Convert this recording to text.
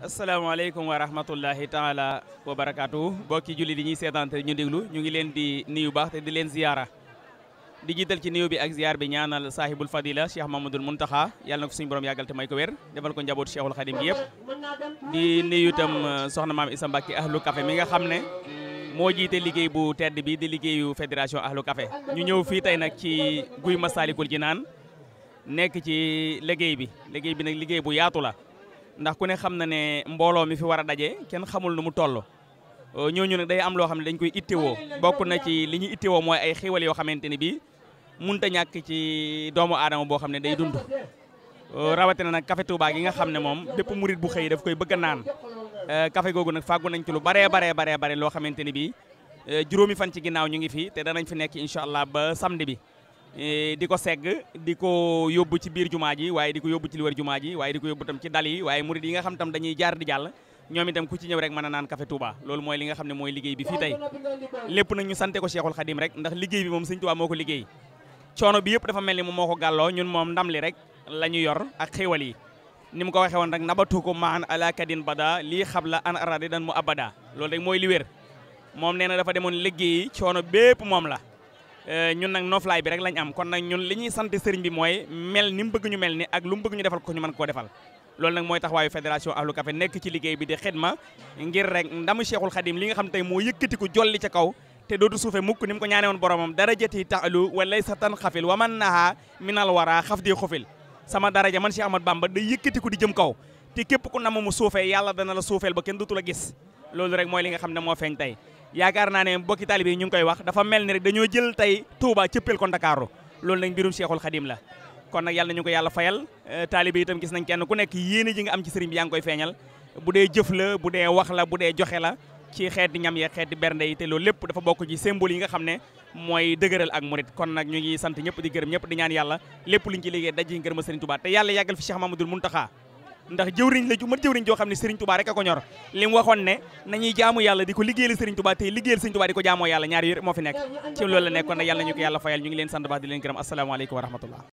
asalaamaaleykum wa rahmatullahi taala wa barakaatu mbokki julli di ñuy seetaan te ñu déglu ñu ngi leen di nuyu baax te di leen ziyaara di jiital ci nuyu bi ak ziyaar bi ñaanal saahibul fadila cheikh mamadul muntaxa yàlla na ko suñu borom yàggal te may ko wér defal ko njaboot cheikhul xadim gi yëpp di nuyu itam uh, soxna maam isa mbàkke ahlu kafe mi nga xam ne moo jiite liggéey bu tedd bi di liggéeyu fédération ahlu kafe ñu ñëw fii tey nag ci guy ci naan nekk ci liggéey bi liggéey bi nag liggéey bu yaatu la ndax ku ne xam na ne mbooloo mi fi war a daje kenn xamul nu mu toll euh, ñooñu nag day am loo xam ne dañ koy ittewoo bokk na ci li ñuy ittewoo mooy ay xiwal yoo xamante ni bii munta ñàkk ci doomu aadama boo xam ne day dund euh, rawatina nag café Touba gi nga xam ne moom bépp murit bu xëy daf koy bëgg a naan euh, café googu nag fàggu nañ ci lu baree baree baree bare loo xamante ni bii juróomi fan ci ginnaaw ñu ngi fi te danañ fi nekk incha allah ba samedi bi E, di ko segg di ko yóbbu ci biir jumaa ji waaye di ko yóbbu ci li wër jumaa ji waaye di ko yóbbu tam ci dal yi waaye murid yi nga xam tam dañuy jaar di jàll ñoom itam ku ci ñëw rek mën a naan café Touba loolu mooy li nga xam ne mooy liggéey bi fii tey lépp nag ñu sante ko Cheikhul Khadim rek ndax liggéey bi moom Sëñ Touba moo ko liggéey coono bi yëpp dafa mel ni moom moo ko gàlloo ñun moom ndam li rek la ñu yor ak xéewal yi ni mu ko waxee woon rek nabatu ko maan ala kadin bada lii xabla an arade dan mu abada loolu rek mooy li moom nee na dafa demoon liggéey coono bépp moom la Euh, ñun nag noflaay bi rek lañ am kon nag ñun li ñuy sant sëriñ bi mooy mel ni mu bëgg ñu mel ni ak lu mu bëgg ñu defal ko ñu mën koo defal loolu nag mooy taxawaayu fédération ahlu café nekk ci liggéey bi di xidma ngir rek ndamu cheikhul xadim li nga xam tey moo yëkkatiku jolli ca kaw te dootu suufe mukk ni mu ko ñaane woon boromam darajati taalu walay sa tan xafil wa man naha minal wara xaf di xufil sama daraja man Cheikh Ahmad Bamba day yëkkatiku di jëm kaw te képp ku namm mu suufee yàlla dana la suufeel ba kenn dootu la gis loolu rek mooy li nga xam ne moo feeñ tey yaakaar naa ne mbokki taalibe yi ñu ngi koy wax dafa mel ni rek dañoo jël tey Touba cëppeel ko Ndakaaru loolu nag mbirum Cheikhul Khadim la kon nag yàlla nañu ko yàlla fayal euh, taalibe yi itam gis nañ kenn ku nekk yéene ji nga am ci sëriñ bi yaa ngi koy feeñal bu dee jëf la bu dee wax la bu dee joxe la ci xeeti ñam ya xeeti bernde yi te loolu lépp dafa bokk ci symbole yi nga xam ne mooy dëgëral ak murit kon nag ñu ngi sant ñëpp di gërëm ñëpp di ñaan yàlla lépp luñ ci liggéey daj ngërëm Sëriñ Touba te yàlla yàggal fi Cheikh Mamadou ndax jëwriñ la ju jëwriñ joo xam ne Serigne Touba rek a ko ñor li mu waxoon ne nañuy jaamu yàlla di ko liggéeyal Serigne Touba tey liggéeyal Serigne Touba di ko jaamoo yàlla ñaar moo fi nekk ci loolu la nekkoon nag yàlla ñu ko yàlla fayal ñu ngi leen sant baax di leen gërëm asalaamaaleykum wa rahmatullah